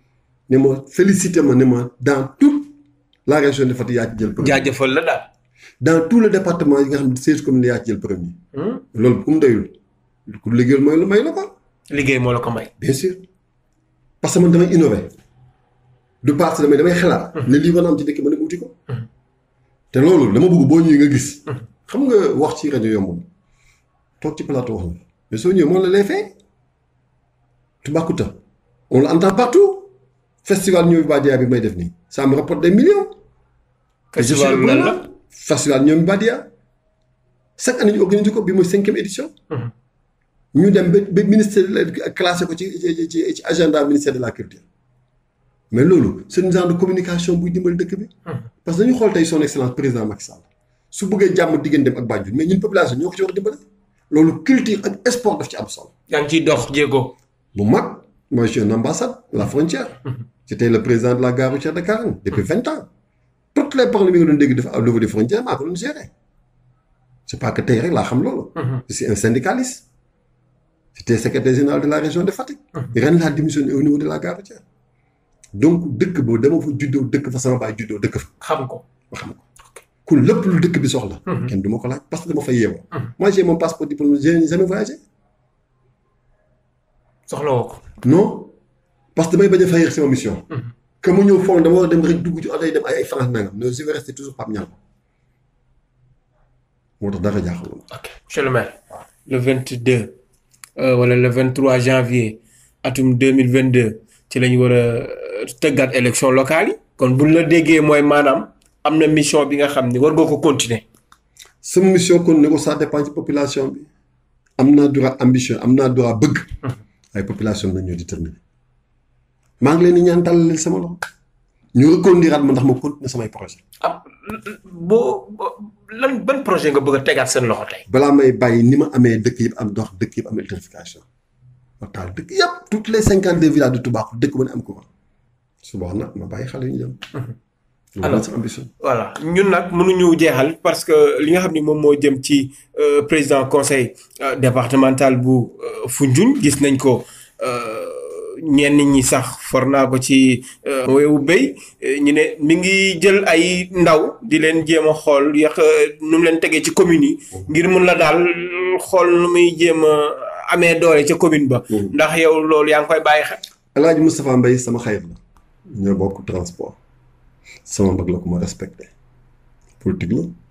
S2: ne ma félicité ma ne ma dans toute la région de Fatick yaa ci jël premier.
S1: jaajëfal la daal.
S2: dans tout le département yi nga xam ne seize communes yaa ci jël premier. Mhm. loolu bu mu doyul. ku liggéeyul mooy la may la liggéey moo la ko may. bien sûr parce que man damay innover du passé damay damay xalaat. Mhm. ne lii war na am ci dëkk ba ne uti ko. te loolu dama bëgg boo ñëwee nga gis. xam nga wax ci rajo yombul toog ci mais soo ñëwee moom la lay fay Toubacouta on l'entend partout festival ñoom Badia bi may def nii ça me rapporte des millions. festival lan la festival ñoom Badia chaque année ñu organiser ko bi mooy cinquième édition. Mhm. ñu dem ba bi ministère de la ko ci ci ci agenda ministère de la culture. mais loolu c'est une genre communication buy dimbali dëkk bi. Mhm. parce que dañu xool tey son excellence président Macky Sall su bëggee jàmm digganteem ak Banjul mais ñun population ñoo ko ci war a loolu culture ak sport daf ci am solo.
S1: yaa ngi ciy dox jéego. bu mag
S2: moi je suis la frontière. j'étais le président de la gare routière de Karang depuis vingt ans. toutes les problèmes yi nga doon dégg dafa au niveau des frontières pas que tey rek laa xam loolu. Mhm. je suis un syndicaliste. j'étais secrétaire général de la région de Fatick. Mhm. ren laa démissionné au niveau de la gare donc dëkk boobu dama fa juddoo dëkk fa sama baay juddoo dëkk fa. xam ko. ku lépp lu dëkk bi soxla. Mhm. kenn du ko laaj parce que dama fa yeewoo. Mhm. moi j'ai mon passeport diplôme j'ai jamais soxla woo ko. non parce que damay bañ a faillir sama mission. Mhm. que mu ñëw foog dama war dem rek dugg ci oto yi dem ay ay France nangam mais je vais rester le Pape Niang. moo tax
S1: le maire. Ah, le 22. Euh, atum deux mille vingt atum ci la ñu war a euh, tëggaat élection locale yi. kon buñ la déggee mooy maanaam. am na mission bi nga xam ni war boo ko continuer.
S2: sama mission continuer ko ça dépend ci population bi am naa droit ambition am naa droit bëgg. ay population la ñoo maa ngi leen di ñaan tàllal leen sama loxo ñu reconduiraat ma ndax ma continuer samay projet ah
S1: boo lan ban projet nga bëgg a tegaat seen loxo tey.
S2: balaa may bàyyi ni ma amee dëkk yëpp am dox dëkk yëpp am électrification ma taal dëkk yëpp toutes les cinquante deux villages de Toubacouta dëkk ba ne am courant suba na ma bàyyi xale yi ñu dem. alors
S1: voilà ñun nag mënuñu jeexal parce que li nga xam ni moom moo jëm ci euh, président conseil euh, départemental bu fu euh, Foundiougne gis nañ ko ñenn ñi sax for naa ko ci weewu béy ñu ne mi ngi jël ay ndaw di leen jéem a xool yàq nu mu tegee ci commune yi ngir mun la daal xool nu muy jéem a amee doole ca commune ba mm-hmm. ndax yow loolu yaa ngi koy bàyyi xel El Hadj Moustapha
S2: Mbaye sama xarit la ñoo bokk transport sama mbëgg la ko ma respecté la.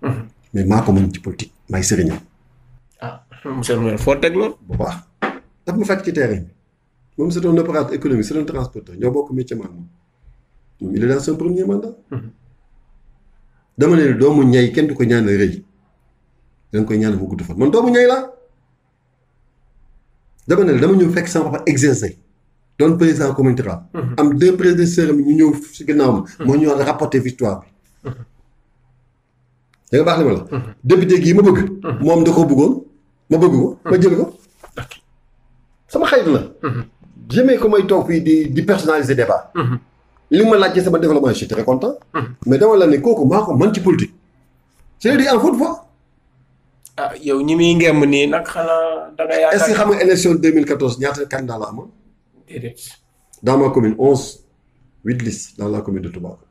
S2: Mhm. mais maa ko mën ci politique may sëriñam.
S1: ah monsieur
S2: foo teg loolu. bu baax daf ma fekk ci terrain moom c'est un opérateur économique c'est un transporteur ñoo bokk métier man moom moom il est dans son mhm. dama ne doomu ñay kenn du ko ñaanal rëy da koy ñaanal mu gudd fan man doomu ñay laa dama ne dama ñëw fekk sama papa exercer. doon président communauté rurale. Mhm. am deux prédécesseurs ñu ñëw si ginnaawam. Mhm. moo ñu war a rapporter victoire bi. Mhm. da nga baax li ma la. député gii ma bëgg. moom da ko ma bëgg ko. ma jël ko. sama xarit na jëmee ko may toog fii di di personnaliser débat. li ma laaj ci sama développement je suis très content. mais dama la ne kooku maa ko mën ci
S1: politique. je l'ai dit en faute fois. Ah, yow ñi muy ngemm nii nag xanaa da nga yaakaar. est-ce que xam élection 2014 ñaata candidat la amoon.
S2: déedéet. ma commune onze huit listes dans la commune de Toubacouta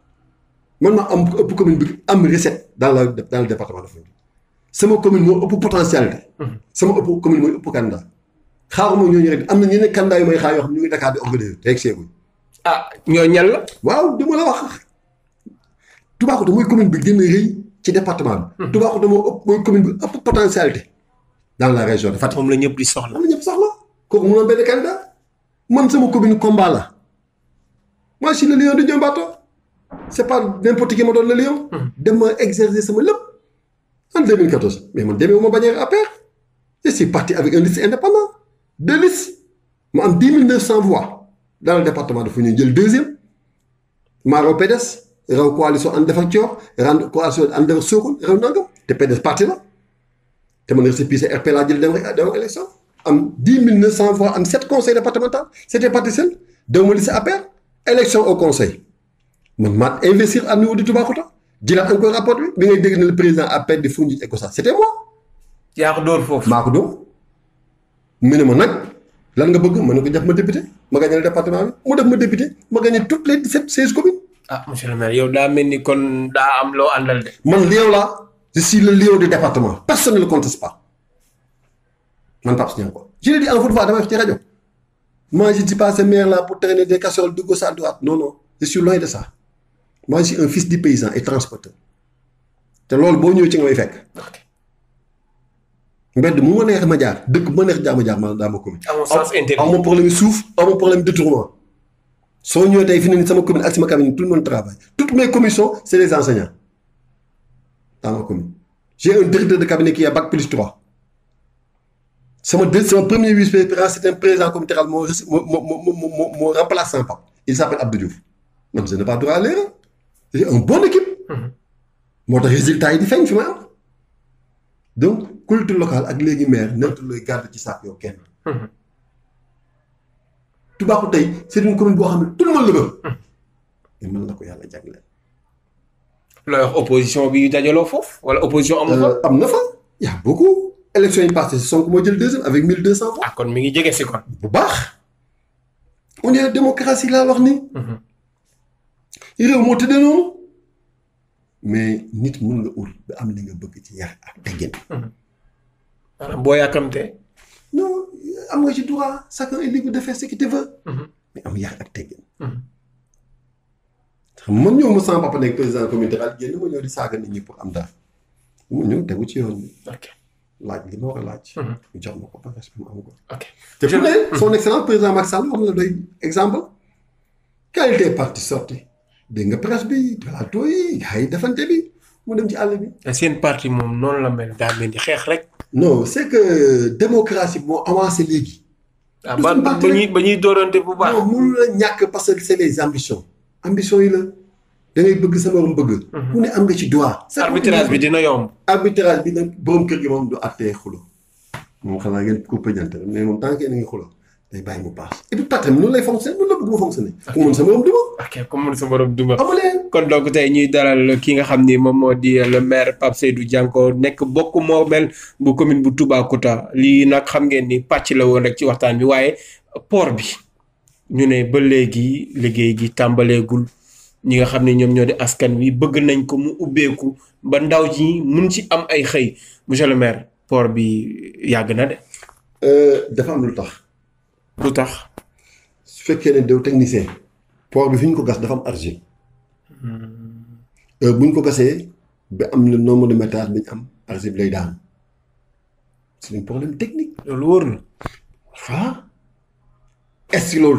S2: man maa am bi am recette dans la dans le département de Foundiougne sama commune moo ëpp potentialité. Mhm. sama ëpp commune mooy ëpp na ñeneen candidat yu may xaar ñu ngi Dakar di organiser te egg seeguñ. ah la. waaw dama la wax. Toubacouta bi gën a rëy ci département bi. Mhm. Toubacouta moo ëpp mooy commune bi ëpp de Fatick.
S1: moom la ñëpp di soxla.
S2: am na ñëpp benn candidat. man sama commune combat la moi je suis le lion de Diambato c' est pas n'importe qui ma doon le lion. Mhm. dama exercer sama lépp en 2014 mais man demeewuma bannière APR je suis parti avec un liste indépendant deux listes ma am 10 900 voix dafa ñuy jël deuxième maa raw PDS raw coalition ànd defar Thior raw coalition te PDS parti la te man récépissé RP laa jël dem dem élection. am dix mille neuf cent voix am sept conseil départemental c'était parti seul daw ma liste APR élection au conseil man maat investir à niveau du Toubacouta jëlaat encore rapport bi bi ngay dégg ne le président APR di Foundiougne et Gossas moi. yaa ko dóor foofu maa ko dóor mu ne ma nag lan nga bëgg mën na ko def ma député ma gagné le bi mu def ma député
S1: ma gagné toutes les dix-sept seize communes. ah monsieur le maire yow daa mel ni kon daa am loo àndal de.
S2: man Lion laa je suis le Lion du département man Pape Sy Niang quoi je en toute voix dama ci rajo moi je dis pas ce maire là pour traîner des casseroles de gauche à droite non non je suis loin de ça moi je un fils du paysan et transporteur te loolu boo ñëwee ci nga may fekk. mbedd mu ma neex ma jaar dëkk bu ma neex jaama jaar ma daa commune. amoo sens interdit amoo problème suuf amoo problème détournement soo ñëwee tey fi ne nii sama commune ak sama cabinet tout le monde travaille toutes mes commissions c' est des commune j'ai un directeur de cabinet a bac plus sama deux sama premier vice-président c'est un président communautaire moo moo moo moo moo remplace sama il s'appelle Abdou man je n'ai pas droit à mm-hmm. moo tax résultat yi di feeñ fi ak léegi maire nekk looy garde ci saak yow kenn. Mm-hmm. Toubacouta tey c'est une commune boo xam ne tout le monde la bëgg.
S1: mais ko yàlla jagleel. looy wax opposition bi ñu dajaloo foofu wala opposition. Euh, am na fa am a beaucoup. élection yi passé Sonko moo jël deuxième avec mille deux cent voix. ah kon mi ngi jege si quoi. bu baax
S2: on est démocratie laa wax ni. Mhm.
S1: réew moo tëddee noonu.
S2: mais nit mun nga ut ba am li nga bëgg ci yar ak teggin.
S1: Mhm. maanaam boo yàkkamtee. non am nga ci droit chacun
S2: est libre de faire mhm. am yar ak teggin. man ñëw ma sama papa nekk président communauté rurale génn ma ñëw di saaga nit ñi pour am dara mu ñëw tegu ci yoon laaj li ma war a laaj. ñu jox ma ko
S1: ba respect am ko. ok
S2: te bu dee son excellence président Macky Sall am na doy exemple. qualité parti sorti dégg nga presse bi plateau yi gars defante bi mu
S1: dem ci àll bi. seen parti moom noonu la mel daa mel di xeex rek. non c' est que euh, démocratie moo avancé léegi. Ah, ba ñuy ba ñuy doorante bu baax. non mënu la ñàkk parce
S2: que c' est les ambitions yi la. da ngay bëgg sa morom bëgg. Mhm. ku ne am nga ci droit. arbitrage bi dina yomb. arbitrage bi nag borom kër gi moom du àttee xulo moom xanaa ngeen
S1: coupé ñante mais moom tant que yéen a ngi xulo day bàyyi mu paas. et puis patam noonu lay fonctionné noonu la bëgg mu fonctionné. sa morom duma. ok ku mën sa morom duma. amuleen kon donc tey ñuy dalal ki nga xam ni moom moo di le maire Pape Seydou jànkoo nekk bokk moomeel bu commune bu Toubacouta lii nag xam ngeen ni pàcc la woon rek ci waxtaan bi waaye port bi ñu ne ba léegi liggéey gi tàmbaleegul ñi nga xam ne ñoom ñoo de askan wi bëgg nañ ko mu ubbeeku ba ndaw ji mun ci am ay xëy mu le maire bi yàgg na de. Euh, dafa am lu tax. lu tax. su fekkee ne dew technicien.
S2: port bi fi ko gas dafa am argile.
S3: Hmm.
S2: Euh, ko gasee am le nombre de métage bi am argile lay daan c'est un problème technique. loolu wóor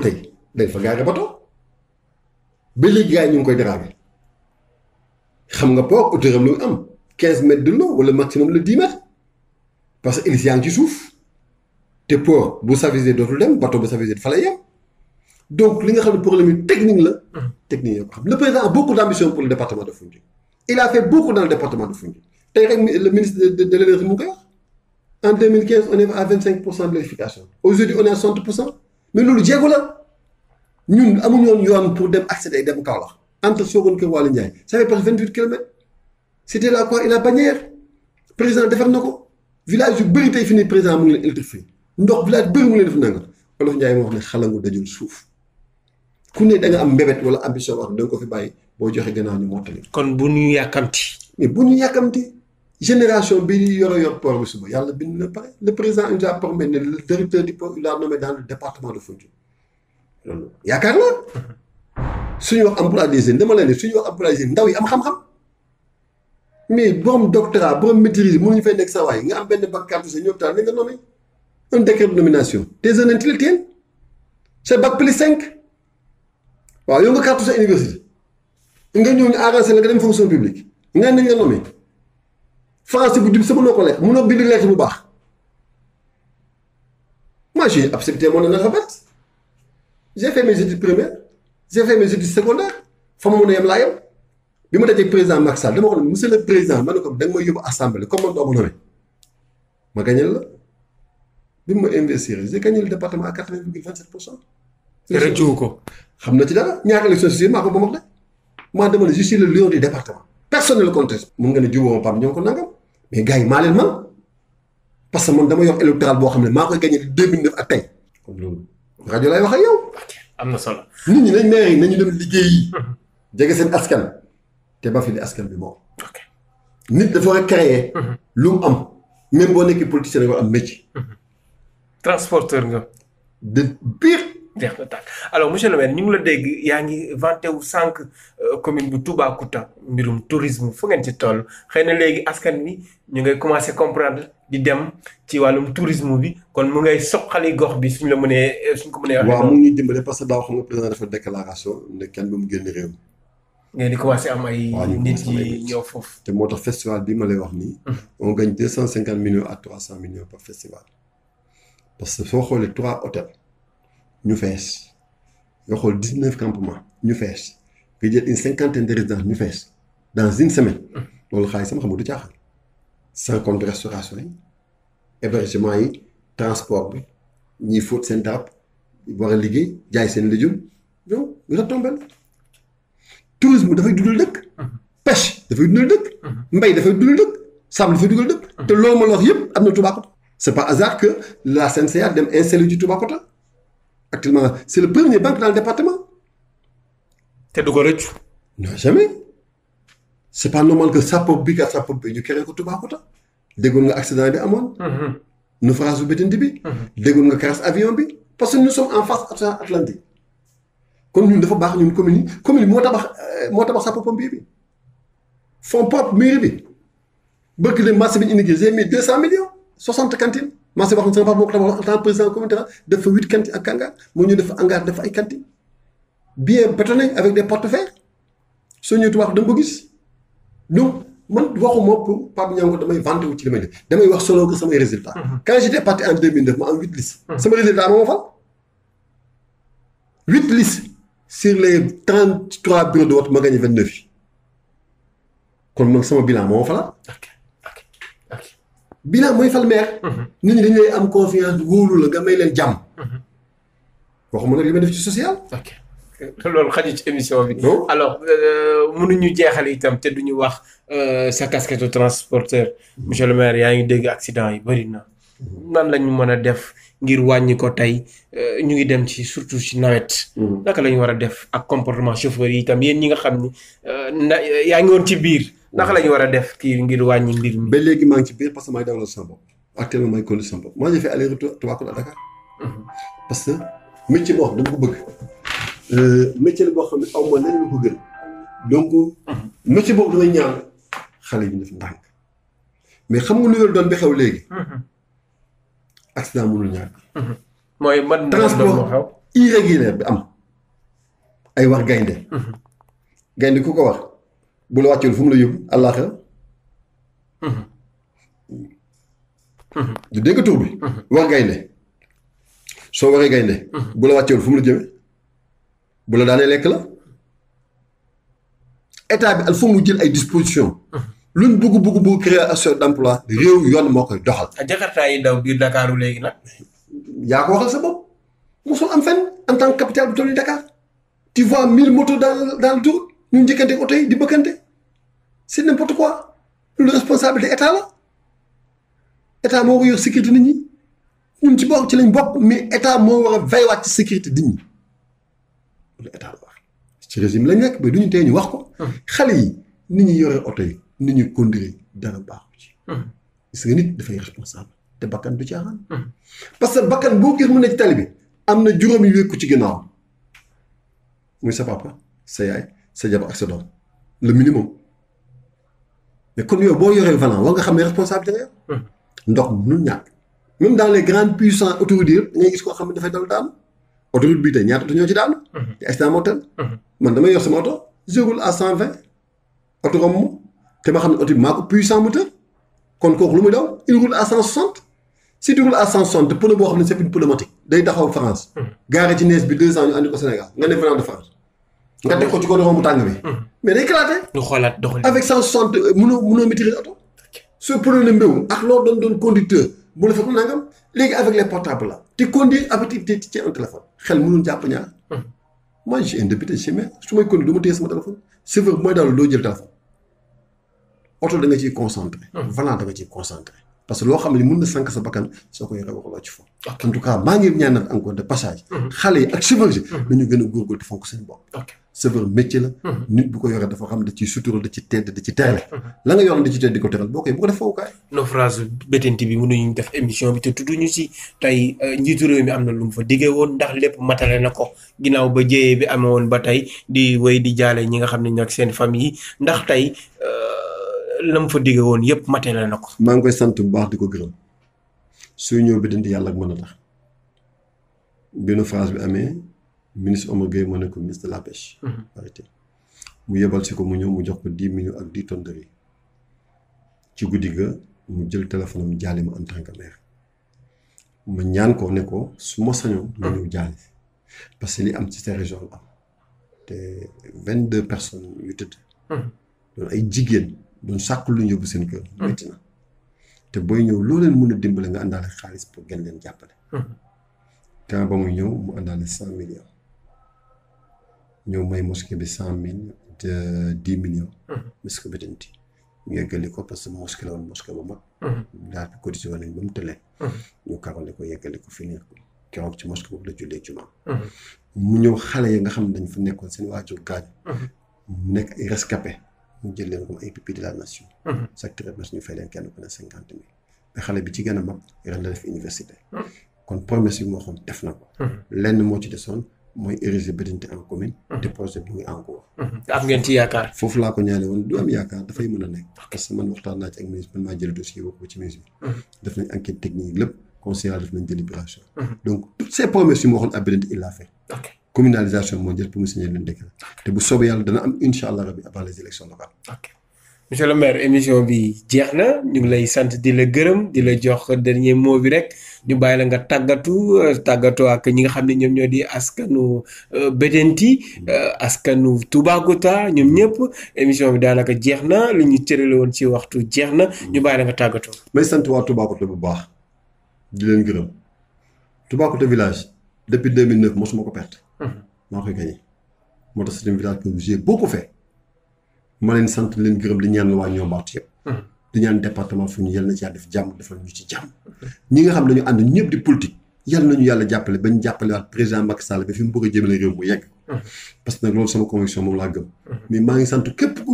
S2: tey dañ fa gaaga bato. ba léegi gars yi ñu ngi koy déranger xam nga port hauteur am lu mu am 15 mètres de long wala maximum le 10 mètres parce que hélice yaa ngi ci suuf te port bu savisé dootul dem bateau bu savisé fa lay yem donc li nga xam ne problème yu technique la. technique yoo ko xam le président a beaucoup d' ambition pour le département de Foundiougne. il a fait beaucoup dans le département de Foundiougne tey rek le ministre de de mu koy wax en 2015 on est à 25 pour cent ñun amuñu woon yoon pour dem accéder dem Kaolack entre Sokone Kër Waly Ndiaye ça fait presque vingt huit kilomètres c'était la la bannière président defar na ko village yu bëri tey fi ni président mu ngi ndox village bëri mu ngi leen wax ne xalangu suuf ku ne da am mbébét wala ambition wax da nga boo joxe gannaaw ñu mottali.
S1: kon bu ñu yàkkamti. mais
S2: bu ñu yàkkamti génération bi yoro yor port bi suba yàlla bind na pare le président il nous a promis ne directeur du port il l'a nommé dans de Foundiougne. loolu yaakaar la suñu wax emploi des jeunes dama leen ne suñu wax emploi des jeunes ndaw yi am xam-xam mais borom doctorat borom maîtrise mënuñu fay nekk sa waay nga am benn bac carte sa ñoom taal nañ nga nommé un décret de nomination des jeunes intellectuels c'est bac cinq waaw yow nga carte sa université nga ñëw ñu arrangé la nga dem fonction publique nga nañ nga nommé français bu jub sa mënoo ko lekk mënoo bind lettre bu baax moi j'ai accepté mon analphabète j'ai fait mes études primaires j'ai fait mes études fa mu mën a yem laa yem bi ma dajee président Macky Sall dama ko ne le président ma ne ko da nga may yóbbu assemblée comme man doo ma nommé ma ma investir j'ai gagné le département à quatre ko. xam na ci dara ñaari élection si maa ma maa demal le lion du département. personne ne le conteste. mun nga ne ko nangam mais gars yi leen man parce que man dama yor électoral boo xam ne maa koy gagné deux mille ak tey. rajo lay wax ak yow. na solo. nit ñi nañ maire yi nañu dem liggéeyi. jege seen askan. te ba fi ne askan bi moom. nit dafa war a mhm. lu mu am même boo nekkee politicien da am métier. Mhm.
S1: transporteur nga. de biir. jeex na tàkk alors monsieur le maire ñu ngi la dégg yaa ngi vanté wu sànq euh, commune bu Toubacouta mbirum tourisme fu ngeen ci toll xëy na léegi askan wi ñu ngay commencé comprendre di dem ci wàllum tourisme bi kon mu ngay soqali gox bi suñ la mënee euh, suñ ko mënee. waxee waaw mu
S2: ngi dimbale parce que daaw xam nga président dafa déclaration ne kenn bu mu génn réew mi. ngeen di commencé am ay. nit yi ñëw foofu. te moo tax festival bi ma lay wax nii. Hmm. on gagne deux cent cinquante millions à trois cent millions par festival. parce que soo xoolee trois hôtels. ñu fees nga xool dix neuf campement ñu fees nga jël une cinquantaine de résidences ñu fees dans une semaine loolu xaalis sama xam nga du caaxaan sans compte restauration yi hébergement yi transport bi ñiy fóot seen taab war a liggéey jaay seen léjum donc retombé la tourisme dafay dundal dëkk pêche dafay dundal dëkk mbay dafay dundal dëkk sable dafay dundal dëkk te loolu ma la wax yëpp am na Toubacouta c'est pas hasard que la CNCA dem installé ci Toubacouta actuellement c'est le premier banque dans le te du ko rëccu. non jamais c'est pas normal que sappo bi ak sappo bi ñu keree ko Toubacouta déggoon nga accident bi amoon. Mhm. naufrage bu Bettenty bi. Mhm. déggoon nga crash avion bi. parce que ñu sommes en face océan Atlantique kon ñun dafa baax ñun commune yi commune moo tabax euh, moo tabax sapeurs-pompiers bi fonds propres mairie bi bëgg na marché bi ñu indi j'ai mis deux millions soixante cantines. man wax sama papa moo ko tabax en tant que président communauté def fa huit kanti ak kànga moo ñu def hangar def ay kanti bien bétonné avec des portefeuilles soo ñëwee tubaab da nga ko gis donc man waxuma pour Pape Niango damay vanté wu ci li may def damay wax solo ko samay résultats. Mm-hmm. quand j'étais parti en 2009 ma am huit listes. Mm-hmm. sama résultat moo ma fal huit listes sur les trente trois bureaux de vote ma gagné vingt neuf yi kon man sama bilan moo ma falaat. bilan mooy fal maire. Mhm. nit ñi dañu am confiance
S1: wóolu la nga may leen jàmm. waxuma mhm. nag li def ci social. loolu xaju ci émission bi. alors euh, mënuñu jeexal itam te duñu wax euh, sa casquette transporteur. monsieur le maire yaa ngi dégg accident yi bëri na. nan la ñu mën a def ngir wàññi ko tey euh, ñu ngi dem ci surtout ci nawet. Mhm. naka la ñu war a def ak comportement chauffeur yi itam yéen ñi nga xam ni yaa ngi woon ci biir. ndax lañu ñu war a def kii ngir wàññi mbir mi. ba léegi maa ngi ci biir parce que maa ngi dawal sama bopp actuellement maa ngi maa ngi fi aller retour
S2: Toubacouta à Dakar. Mhm. parce que métier boo xam dama ko bëgg. Euh, métier la boo xam ne aw ma leneen mhm. damay ñaan xale yi ñu def ndànk mais xam nga lu yor doon ba xew léegi. Mhm. accident mënul ñàkk.
S1: mooy man transport
S2: irrégulier bi am. ay wax gaynde gaynde ku ko wax. bu la wàccul fu mu la yóbbu àllaaxira du mm-hmm. mm-hmm. dégg tur bi. Mm-hmm. wax gaynde soo waxee gaynde bu la wàccul fu mu la jëme bu la daanee lekk la état bi al faut mu jël ay dispositions. luñ bugg bugg bugg création d'emploi réew yoon moo koy doxal. Ah, jakarta yi daw biir Dakar léegi nag. yaa ko waxal sa bopp mosul am fenn en tant que bu toll nii Dakar tu mille motos dans dans le ñu njëkkante oto yi di bëkkante c'est n'importe quoi loolu responsabilité état la état moo ko yor sécurité nit ñi ñun ci bokk ci lañ bokk mais état moo war a veillewaat ci sécurité nit ci régime lañ nekk mais du ñu tee ñu wax ko. xale yi nit ñi yore oto yi nit ñi conduire dara baaxu ci. gis nit dafay responsable te bakkan du caaxaan. parce que bakkan boo gis mu ne ci tali bi am na juróomi wékku ci ginnaaw muy sa papa sa yaay. sa jabar ak sa doom le minimum mais kon yow boo yoree valant war nga xam ne responsabilité la hmm. ndox mënul ñàkk même dans les grandes puissances autoroutes yëpp da ngay gis koo xam ne dafay dal daanu autoroute bii tey ñoo ci daanu. Hmm. te accident moo teel. man damay yor sama oto je roule à cent vingt oto romb mu te ma xam lu muy daw il roule à cent soixante si tu roules à cent soixante pneu boo xam ne c'est une pneumatique day taxaw France. Hmm. gaare ci nees bi deux cent nga teg ko ci goudron bu tàng bi. Hmm. mais day éclaté.
S1: ñu xoolaat doxali
S2: avec cent soixante mënoo mënoo maîtriser oto. soo problème mbéw ak loo doon doon conducteur bu la fekk nangam léegi avec les portables là. te conduire avec te ci jàpp ñaar. Hmm. moi j'ai un su may conduire du ma téye sama téléphone. chauffeur bu daal doo jël téléphone. oto da ci ciy concentré. Hmm. volant da nga ciy concentré. parce loo xam ne mën na sànq sa bakkan soo koy yoree waxuloo ci foofu. en tout cas maa ngi ñaanal encore de passage. xale yi ak chauffeur a góorgóorlu te fonk seen serveur métier la. Mhm. nit bu ko yoree dafa xam da ci sutura da ci tedd da ci teele. Mhm. la nga yoroon da ci
S1: tedd di ko teral boo koy bu ko def fowukaay. naufrage bétanti bi mënuñu def émission bi te ñu si tey euh, njiitu réew mi am na lu mu fa diggee woon ndax lépp matale na ko ginnaaw ba jéyee bi amee ba tey di wéy di jaalee ñi nga xam ne ñoo seen famille yi ndax tey euh, la mu fa diggee woon yëpp matale na ko.
S2: maa ngi koy sant bu baax di ko gërëm suy ñëw bi dindi yàlla ak mën a tax bi naufrage bi amee. ministre Omar Gueye moo ministre de la mhm. mu yebal si ko mu ñëw mu jox ko dix millions ak dix tonnes ci guddi ga mu jël téléphone am jaale ma en tant que ma ñaan ko ne ko su ma sañoon. ma mhm. ñëw jaale parce que li am ci sa région la am te vingt deux personnes yu tëdd. Mhm. doon ay jigéen doon sàkku lu ñu yóbbu seen kër. metti na te booy ñëw loo leen mën a dimbale nga àndaale xaalis pour gën leen jàppale. temps ba muy ñëw mu àndaale cent millions. ñëw may mosquée bi cent mille dix millions. Mhm. mosquée bi dañu ñu yeggali ko parce que mosquée la woon mosquée bu mag. Mhm. daal di cotisé woon nañ ba mu tëlee. Mhm. ñu karole ko yeggali ko fii nii keroog ci mosquée boobu yi nga xam ne dañ fa nekkoon seen waajur gaañ. mu nekk ay rescapé mu jël leen comme ay pupilles de la nation. chaque trimestre ñu fay leen kenn ku ne cinquante mille. xale bi ci gën a mag ren la def université. kon promesse bi moo xam def na ko. lenn moo ci desoon. mooy ériger Bédinté en commune. Mhm. te projet bi mu ngi en cours. Mhm. te am ngeen ci yaakaar. foofu laa ko ñaane woon du am yaakaar dafay mën a nekk. parce man waxtaan naa ci ak ministre man maa jël dossier boobu ci ministre bi. Mhm. def enquête technique lépp conseil def nañ délibération. donc toutes ces promesses yu ma waxoon à Bédinté il l'a fait. communalisation moo jël pour mu signer leen décret. te bu soobee yàlla dana am incha allah rabi avant les élections locales.
S1: monsieur émission bi jeex na ñu ngi lay sant di la gërëm di la jox dernier mot bi rek ñu bàyyi la nga tàggatu euh, tàggatu ak ñi nga xam ne ñoom ñoo di askanu euh, Bettenty euh, askanu Toubacouta ñoom ñëpp émission bi daanaka jeex na li ñu cërale woon ci waxtu jeex na ñu bàyyi la nga tàggatoo. may sant waa Toubacouta bu baax
S2: di leen gërëm Toubacouta village depuis 2009 mosuma ko perte. maa koy gagné moo tax c'est un village que j'ai beaucoup fait. ma leen sant leen gërëm di ñaan waa ñoo mbaatu yëpp hmm. di ñaan département fu ñu yal na ci yàlla def jàmm defal ñu ci jàmm ñi nga xam dañu ànd ñëpp di politique yal nañu yàlla jàppale bañ jàppale waat président ba fi mu a jëmale réew mu yegg hmm. parce que nag loolu sama hmm. maa ngi sant képp ku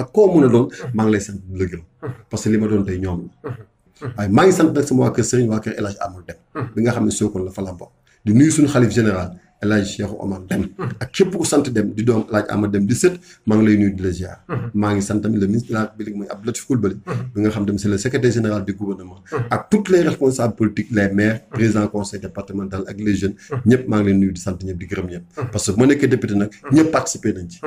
S2: ak koo mun a doon maa ngi lay sant di la gërëm parce que li ma doon tey ñoom
S3: la waaye
S2: maa ngi sant nag sama waa kër Serigne waa kër El Hadj Dem bi nga xam ne Sokone la fa la di nuyu suñu xalif général El Hadj Cheikh Omar Deme ak képp ku sant Deme di doom El Hadj Amad di sët maa ngi lay nuyu di la ziar mhm. maa ngi sant tamit le ministre de la République muy Abdou Latif mhm. bi nga xam tamit c'est le secrétaire général du gouvernement mhm. ak toutes les responsables politiques les maires président conseil départemental ak les jeunes ñëpp maa ngi lay nuyu di sant ñëpp di gërëm ñëpp parce que bu nekkee député nag ñëpp participer nañ ci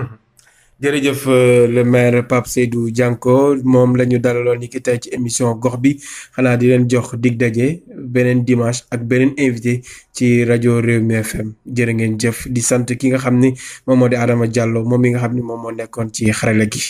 S1: jërëjëf euh, le maire Pape Seydou Dianko moom la ñu dalaloon ni ci émission gox bi xalaa di leen jox dig daje beneen dimanche ak beneen invité ci rajo Rewmi FM jërë ngeen jëf di sant ki nga xam ni moom moo di Adama Diallo moom mi nga xam ni moom moo nekkoon ci xarala gi.